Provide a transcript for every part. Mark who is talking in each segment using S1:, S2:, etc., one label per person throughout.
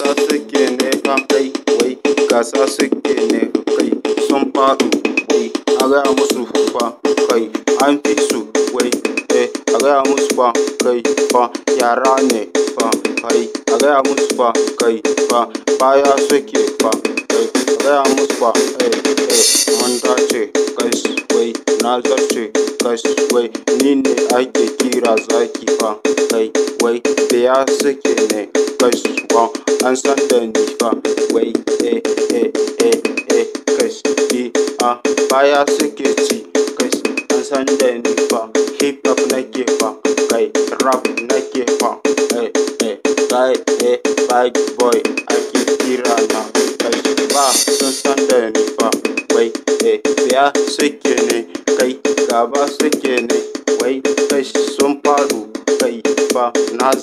S1: gasa suke ne fa kai wai gasa suke ne kai sun faɗo wai a gaya musu fa kai an fi su wai eh a gaya musu fa kai fa yara ne fa kai a gaya musu fa kai fa baya suke fa kai a gaya musu fa eh eh mun dace kai wai na zarce kai wai ni ne ake kira zaki fa kai wai biya suke ne kai wa an san da ni fa wai eh eh eh eh kes eh a baya suke ci kes an san da ni fa hip hop nake fa kai rap nake fa eh eh kai eh big boy ake kira na kai ba sun san da ni fa wai eh biya suke ne kai gaba suke ne wai kai sun faru kai fa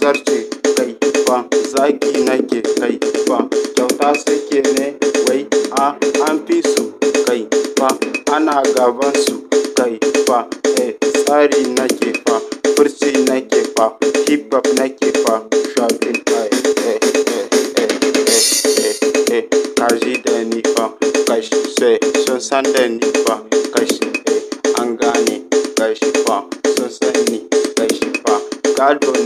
S1: zarce kai ba zagi nake kai ba kyauta suke ne wai a an fi su kai ba ana gaban su kai ba e tsari nake fa furci nake fa hip hop nake fa shafin kai e e e e e eh kaji da ni fa kashi sai sun san da ni fa kashi eh an gane kashi fa sun san ni kashi fa gado